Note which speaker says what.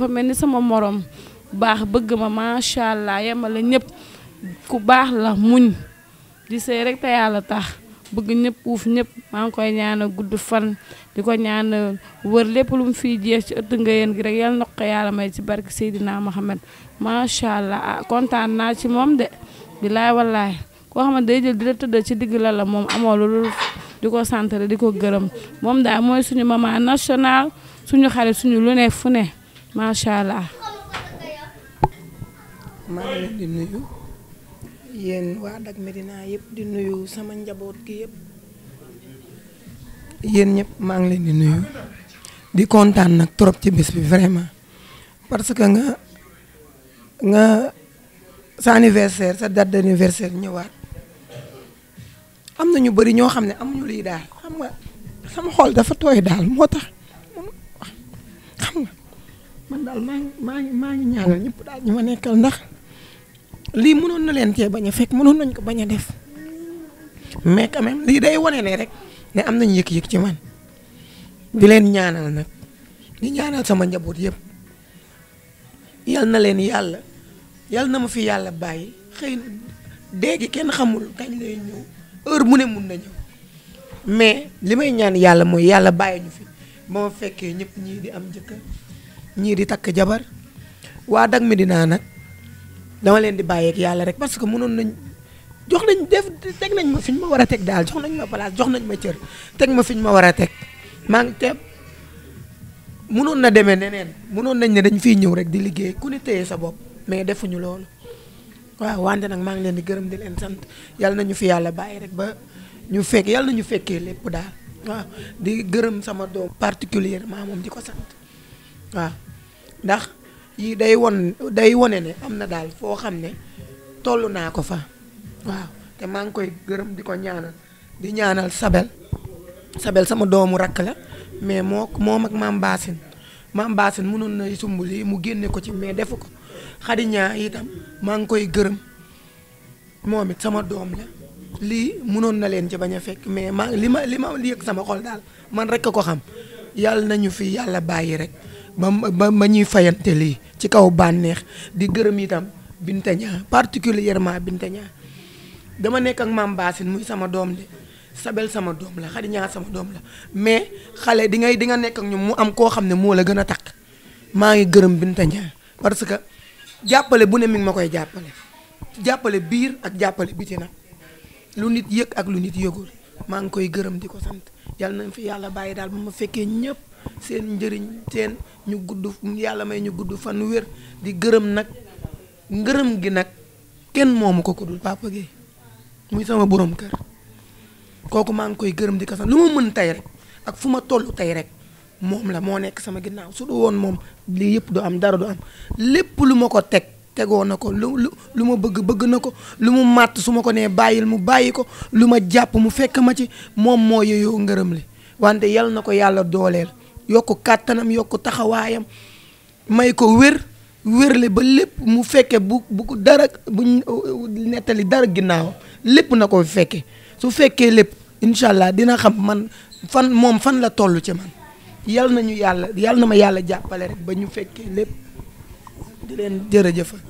Speaker 1: dafa melni sama morom bax bëgg ma sha allah la ñëpp ku bax la muñ di sëy rek ta Yalla tax bëgg ñëpp uuf ñëpp ma ngi koy ñaanal gudd fan di ko ñaanal wër lepp lu mu fi jeex ci ëtt yeen gi rek Yalla nokk Yalla may ci barke Seydina ma sha allah ah, kontan na ci mom de billahi wallahi ko xamne day jël di la ci digg la la mom amoo lu di ko diko di mom da moy suñu mama national suñu xarit suñu lu ne fu ne macha allah. maa ngi leen di nuyu yéen waa Dak Médina yëpp di nuyu sama njaboot gi yëpp yéen ñëpp ma ngi leen di nuyu di kontaan nag trop ci bés bi vraiment parce que nga nga sa anniversaire sa date d'anniversaire ñëwaat am na ñu bari ñoo xam ne amuñu lii daal xam nga sama xol dafa tooy daal moo man daal maa ngi maa ngi maa ngi ñaanal ñëpp daal ñu ma nekkal ndax lii mënoon na leen cee bañ a fekk mënoon nañ ko bañ a def mais quand même lii day wane ne rek ne am nañ yëg-yëg ci man di leen ñaanal nag di ñaanal sama njaboot yëpp yal na leen yàlla na ma fi yàlla bàyyi xëy na dégg kenn xamul kañ mu ne mun na mais li may ñaan yàlla mooy yàlla bàyyi ñu fi ba ma fekkee ñëpp ñii di am jëkka ñii di takk jabar waa dag medina nag dama leen di bàyyeeg yàlla rek parce que mënoon nañ jox nañ def teg nañ ma fiñ ma war a teg daal jox nañ ma place jox nañ ma cër teg ma fiñ ma war a teg maa ngi teeb mënoon na demee neneen mënoon nañ ne dañ fiy ñëw rek di liggéey ku ni téye sa bopp mais defuñu loolu waaw wante nag maa ngi leen di gërëm di leen sant yàlla nañu fi yàlla bàyyi rek ba ñu fekk yàlla nañu fekkee lépp daal waaw di gërëm sama doom particulièrement moom di ko sant waaw ndax yi day won day wone ne am na daal foo xam ne toll naa ko fa waaw te maa ngi koy gërëm di ko ñaanal di ñaanal Sabel Sabel sama doomu rakk la mais moo moom ak maam Baasin maam Baasin mënoon na sumb lii mu génne ko ci mais defu ko Xadi itam maa ngi koy gërëm moom sama doom la lii mënoon na leen ci bañ a fekk mais ma li ma li ma sama xol daal man rek ko xam yàlla nañu fi yàlla bàyyi rek ba ba ba ñuy fayante lii ci kaw bànneex di gërëm itam binteña particulièrement binteña dama nekk ak maam baasin muy sama doom de sabel sama doom la xadi ñaa sama doom la mais xale di ngay di nga nekk ak ñoom mu am koo xam ne moo la gën a takk maa ngi gërëm binteña parce que jàppale bu ne mi ngi ma koy jàppale jàppale biir ak jàppale biti nag lu nit yëg ak lu nit yëgul maa ngi koy gërëm di ko sant yàlla nañ fi yàlla bàyyi daal bu ma fekkee ñëpp seen njëriñ seen ñu gudd yàlla may ñu gudd fan wér di gërëm nag ngërëm gi nag kenn moomu ko ko dul Papa gi muy sama borom kër kooku maa ngi koy gërëm di ko sant lu ma mën tey rek ak fu ma toll tey rek moom la moo nekk sama ginnaaw su du woon moom li yëpp du am dara du am lépp lu ma ko teg tegoo na ko lu lu ma bëgg bëgg na ko lu mu màtt su ma ko nee bàyyil mu bàyyi ko lu mu fekk ma ci moom moo yoyoo ngërëm li wante yal nako ko yàlla yokk kàttanam yokk taxawaayam may ko wér wérle ba lépp mu fekkee bu bu dara bu euh, nettali dara ginnaawam lépp na ko fekkee su fekkee lépp incha allah dina xam man fan moom fan la toll ci man yal nañu yàlla yal na ma yàlla jàppale rek ba ñu fekkee lépp di leen jërëjëfal